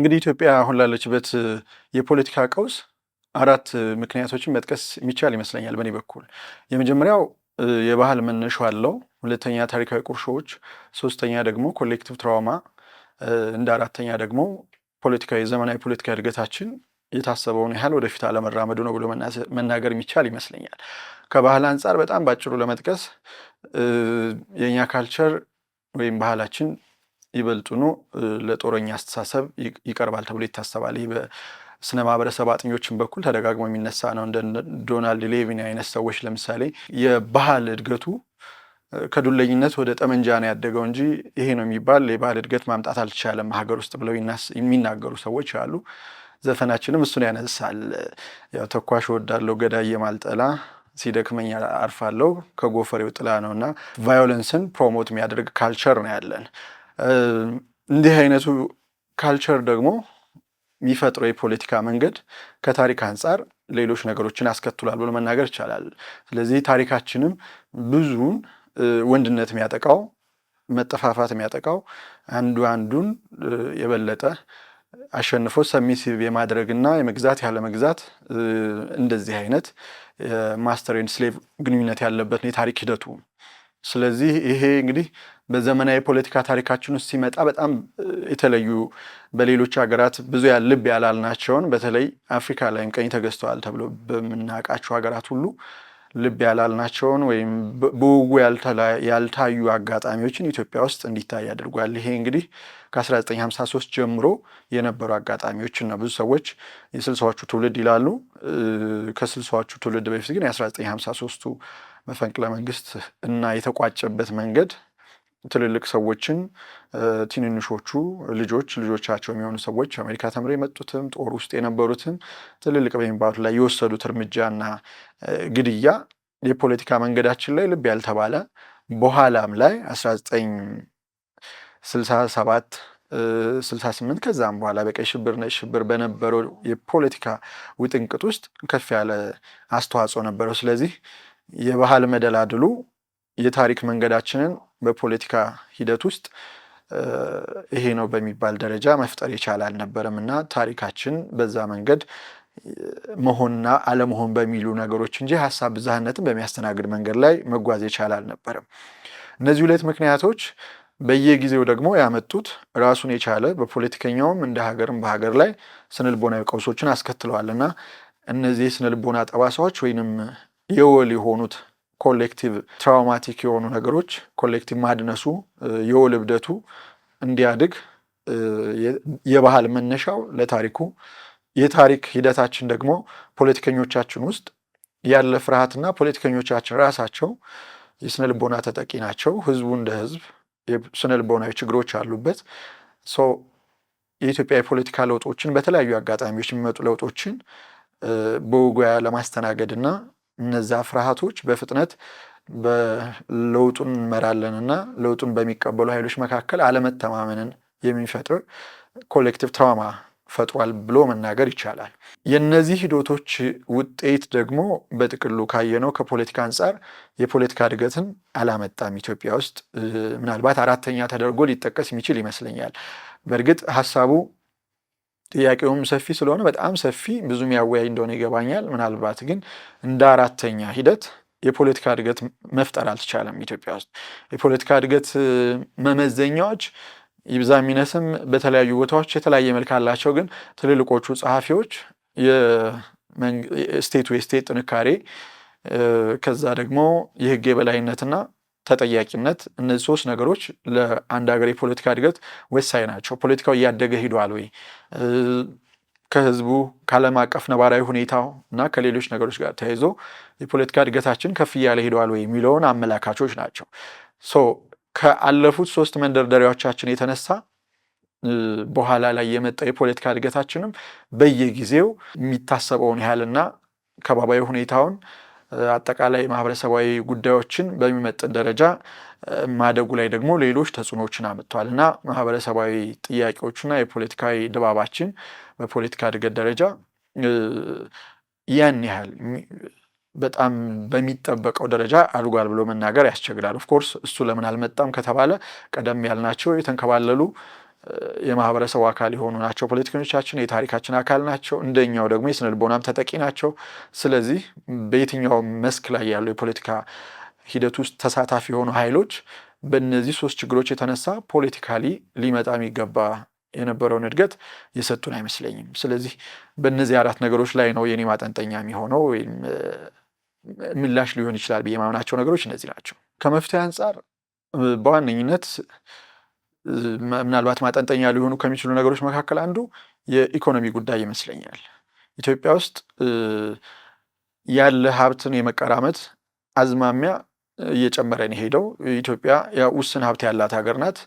እንግዲህ ኢትዮጵያ አሁን ላለችበት የፖለቲካ ቀውስ አራት ምክንያቶችን መጥቀስ የሚቻል ይመስለኛል በእኔ በኩል። የመጀመሪያው የባህል መነሾ አለው፣ ሁለተኛ ታሪካዊ ቁርሾዎች፣ ሶስተኛ ደግሞ ኮሌክቲቭ ትራውማ፣ እንደ አራተኛ ደግሞ ፖለቲካዊ ዘመናዊ ፖለቲካ እድገታችን የታሰበውን ያህል ወደፊት አለመራመዱ ነው ብሎ መናገር የሚቻል ይመስለኛል። ከባህል አንጻር በጣም ባጭሩ ለመጥቀስ የእኛ ካልቸር ወይም ባህላችን ይበልጡኑ ለጦረኛ አስተሳሰብ ይቀርባል ተብሎ ይታሰባል። ይህ በስነ ማህበረሰብ አጥኞችን በኩል ተደጋግሞ የሚነሳ ነው። እንደ ዶናልድ ሌቪን አይነት ሰዎች ለምሳሌ የባህል እድገቱ ከዱለኝነት ወደ ጠመንጃ ነው ያደገው እንጂ ይሄ ነው የሚባል የባህል እድገት ማምጣት አልቻለም ሀገር ውስጥ ብለው የሚናገሩ ሰዎች አሉ። ዘፈናችንም እሱን ያነሳል። ተኳሽ ወዳለው ገዳይ የማልጠላ ሲደክመኝ አርፋለሁ ከጎፈሬው ጥላ ነው እና ቫዮለንስን ፕሮሞት የሚያደርግ ካልቸር ነው ያለን። እንዲህ አይነቱ ካልቸር ደግሞ የሚፈጥረው የፖለቲካ መንገድ ከታሪክ አንጻር ሌሎች ነገሮችን አስከትሏል ብሎ መናገር ይቻላል። ስለዚህ ታሪካችንም ብዙውን ወንድነት የሚያጠቃው መጠፋፋት የሚያጠቃው አንዱ አንዱን የበለጠ አሸንፎ ሰሚሲቭ የማድረግና የመግዛት ያለ መግዛት እንደዚህ አይነት ማስተር ኤንድ ስሌቭ ግንኙነት ያለበት ነው የታሪክ ሂደቱ። ስለዚህ ይሄ እንግዲህ በዘመናዊ የፖለቲካ ታሪካችን ውስጥ ሲመጣ በጣም የተለዩ በሌሎች ሀገራት ብዙ ልብ ያላልናቸውን በተለይ አፍሪካ ላይም ቀኝ ተገዝተዋል ተብሎ በምናውቃቸው ሀገራት ሁሉ ልብ ያላልናቸውን ወይም በውጉ ያልታዩ አጋጣሚዎችን ኢትዮጵያ ውስጥ እንዲታይ አድርጓል። ይሄ እንግዲህ ከ1953 ጀምሮ የነበሩ አጋጣሚዎች እና ብዙ ሰዎች የስልሳዎቹ ትውልድ ይላሉ። ከስልሳዎቹ ትውልድ በፊት ግን የ1953ቱ መፈንቅለ መንግስት እና የተቋጨበት መንገድ ትልልቅ ሰዎችን ትንንሾቹ ልጆች ልጆቻቸው የሚሆኑ ሰዎች አሜሪካ ተምረው የመጡትም ጦር ውስጥ የነበሩትም ትልልቅ በሚባሉት ላይ የወሰዱት እርምጃና ግድያ የፖለቲካ መንገዳችን ላይ ልብ ያልተባለ በኋላም ላይ 1967 68 ከዛም በኋላ በቀይ ሽብር ነጭ ሽብር በነበረው የፖለቲካ ውጥንቅጥ ውስጥ ከፍ ያለ አስተዋጽኦ ነበረው። ስለዚህ የባህል መደላድሉ የታሪክ መንገዳችንን በፖለቲካ ሂደት ውስጥ ይሄ ነው በሚባል ደረጃ መፍጠር የቻለ አልነበረም እና ታሪካችን በዛ መንገድ መሆንና አለመሆን በሚሉ ነገሮች እንጂ ሀሳብ ብዝሃነትን በሚያስተናግድ መንገድ ላይ መጓዝ የቻለ አልነበረም። እነዚህ ሁለት ምክንያቶች በየጊዜው ደግሞ ያመጡት ራሱን የቻለ በፖለቲከኛውም እንደ ሀገርም በሀገር ላይ ስነልቦናዊ ቀውሶችን አስከትለዋል እና እነዚህ የስነልቦና ጠባሳዎች ወይንም የወል የሆኑት ኮሌክቲቭ ትራውማቲክ የሆኑ ነገሮች ኮሌክቲቭ ማድነሱ የወል እብደቱ እንዲያድግ የባህል መነሻው ለታሪኩ የታሪክ ሂደታችን ደግሞ ፖለቲከኞቻችን ውስጥ ያለ ፍርሃትና ፖለቲከኞቻችን ራሳቸው የስነ ልቦና ተጠቂ ናቸው። ህዝቡ እንደ ህዝብ የስነ ልቦናዊ ችግሮች አሉበት። የኢትዮጵያ የፖለቲካ ለውጦችን በተለያዩ አጋጣሚዎች የሚመጡ ለውጦችን በውጉያ ለማስተናገድ እና እነዛ ፍርሃቶች በፍጥነት በለውጡን እንመራለን እና ለውጡን በሚቀበሉ ኃይሎች መካከል አለመተማመንን የሚፈጥር ኮሌክቲቭ ትራውማ ፈጥሯል ብሎ መናገር ይቻላል። የእነዚህ ሂደቶች ውጤት ደግሞ በጥቅሉ ካየነው ከፖለቲካ አንጻር የፖለቲካ እድገትን አላመጣም ኢትዮጵያ ውስጥ ምናልባት አራተኛ ተደርጎ ሊጠቀስ የሚችል ይመስለኛል። በእርግጥ ሀሳቡ ጥያቄውም ሰፊ ስለሆነ በጣም ሰፊ ብዙ ያወያይ እንደሆነ ይገባኛል። ምናልባት ግን እንደ አራተኛ ሂደት የፖለቲካ እድገት መፍጠር አልተቻለም ኢትዮጵያ ውስጥ። የፖለቲካ እድገት መመዘኛዎች ይብዛ የሚነስም በተለያዩ ቦታዎች የተለያየ መልክ አላቸው። ግን ትልልቆቹ ጸሐፊዎች ስቴቱ የስቴት ጥንካሬ ከዛ ደግሞ የህግ የበላይነትና ተጠያቂነት፣ እነዚህ ሶስት ነገሮች ለአንድ ሀገር የፖለቲካ እድገት ወሳኝ ናቸው። ፖለቲካው እያደገ ሂዷል ወይ ከህዝቡ ከዓለም አቀፍ ነባራዊ ሁኔታው እና ከሌሎች ነገሮች ጋር ተያይዞ የፖለቲካ እድገታችን ከፍ እያለ ሂዷል ወይ የሚለውን አመላካቾች ናቸው። ሶ ከአለፉት ሶስት መንደርደሪያዎቻችን የተነሳ በኋላ ላይ የመጣው የፖለቲካ እድገታችንም በየጊዜው የሚታሰበውን ያህልና ከባባዊ ሁኔታውን አጠቃላይ ማህበረሰባዊ ጉዳዮችን በሚመጥን ደረጃ ማደጉ ላይ ደግሞ ሌሎች ተጽዕኖዎችን አምጥቷል እና ማህበረሰባዊ ጥያቄዎችና የፖለቲካዊ ድባባችን በፖለቲካ እድገት ደረጃ ያን ያህል በጣም በሚጠበቀው ደረጃ አድጓል ብሎ መናገር ያስቸግራል። ኦፍኮርስ እሱ ለምን አልመጣም ከተባለ ቀደም ያልናቸው የተንከባለሉ የማህበረሰቡ አካል የሆኑ ናቸው። ፖለቲከኞቻችን የታሪካችን አካል ናቸው። እንደኛው ደግሞ የስነ ልቦናም ተጠቂ ናቸው። ስለዚህ በየትኛው መስክ ላይ ያሉ የፖለቲካ ሂደት ውስጥ ተሳታፊ የሆኑ ኃይሎች በእነዚህ ሶስት ችግሮች የተነሳ ፖለቲካሊ ሊመጣ የሚገባ የነበረውን እድገት የሰጡን አይመስለኝም። ስለዚህ በእነዚህ አራት ነገሮች ላይ ነው የኔ ማጠንጠኛ የሚሆነው ወይም ምላሽ ሊሆን ይችላል ብዬ ማምናቸው ነገሮች እነዚህ ናቸው። ከመፍትሄ አንጻር በዋነኝነት ምናልባት ማጠንጠኛ ሊሆኑ ከሚችሉ ነገሮች መካከል አንዱ የኢኮኖሚ ጉዳይ ይመስለኛል። ኢትዮጵያ ውስጥ ያለ ሀብትን የመቀራመት አዝማሚያ እየጨመረ ነው የሄደው። ኢትዮጵያ ውስን ሀብት ያላት ሀገር ናት።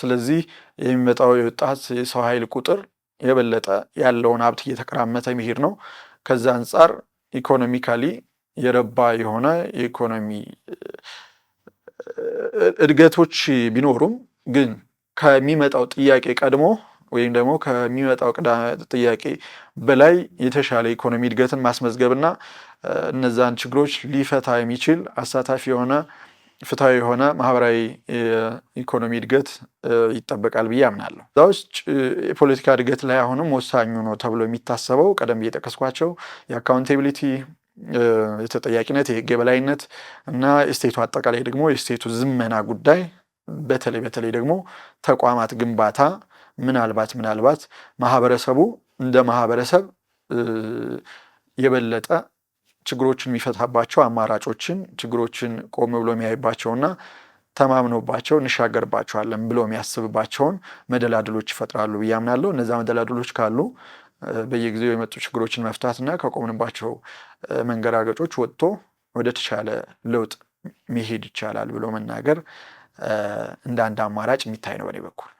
ስለዚህ የሚመጣው የወጣት የሰው ኃይል ቁጥር የበለጠ ያለውን ሀብት እየተቀራመተ መሄድ ነው። ከዛ አንጻር ኢኮኖሚካሊ የረባ የሆነ የኢኮኖሚ እድገቶች ቢኖሩም ግን ከሚመጣው ጥያቄ ቀድሞ ወይም ደግሞ ከሚመጣው ጥያቄ በላይ የተሻለ ኢኮኖሚ እድገትን ማስመዝገብና እነዛን ችግሮች ሊፈታ የሚችል አሳታፊ የሆነ ፍትሐዊ የሆነ ማህበራዊ ኢኮኖሚ እድገት ይጠበቃል ብዬ አምናለሁ። እዛ ውስጥ የፖለቲካ እድገት ላይ አሁንም ወሳኙ ነው ተብሎ የሚታሰበው ቀደም ብዬ የጠቀስኳቸው የአካውንቴቢሊቲ የተጠያቂነት፣ የህግ የበላይነት እና የስቴቱ አጠቃላይ ደግሞ የስቴቱ ዝመና ጉዳይ በተለይ በተለይ ደግሞ ተቋማት ግንባታ ምናልባት ምናልባት ማህበረሰቡ እንደ ማህበረሰብ የበለጠ ችግሮችን የሚፈታባቸው አማራጮችን ችግሮችን ቆም ብሎ የሚያይባቸውና ተማምኖባቸው እንሻገርባቸዋለን ብሎ የሚያስብባቸውን መደላድሎች ይፈጥራሉ ብዬ አምናለሁ። እነዛ መደላድሎች ካሉ በየጊዜው የመጡ ችግሮችን መፍታትና ከቆምንባቸው መንገራገጮች ወጥቶ ወደ ተሻለ ለውጥ መሄድ ይቻላል ብሎ መናገር እንደ አንድ አማራጭ የሚታይ ነው በኔ በኩል።